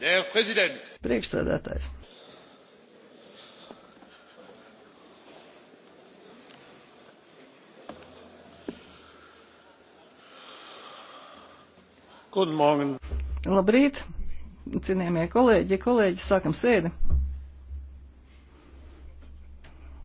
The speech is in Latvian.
Priekšsēdētājs. Labrīt, cienījamie kolēģi, kolēģi, sākam sēdi.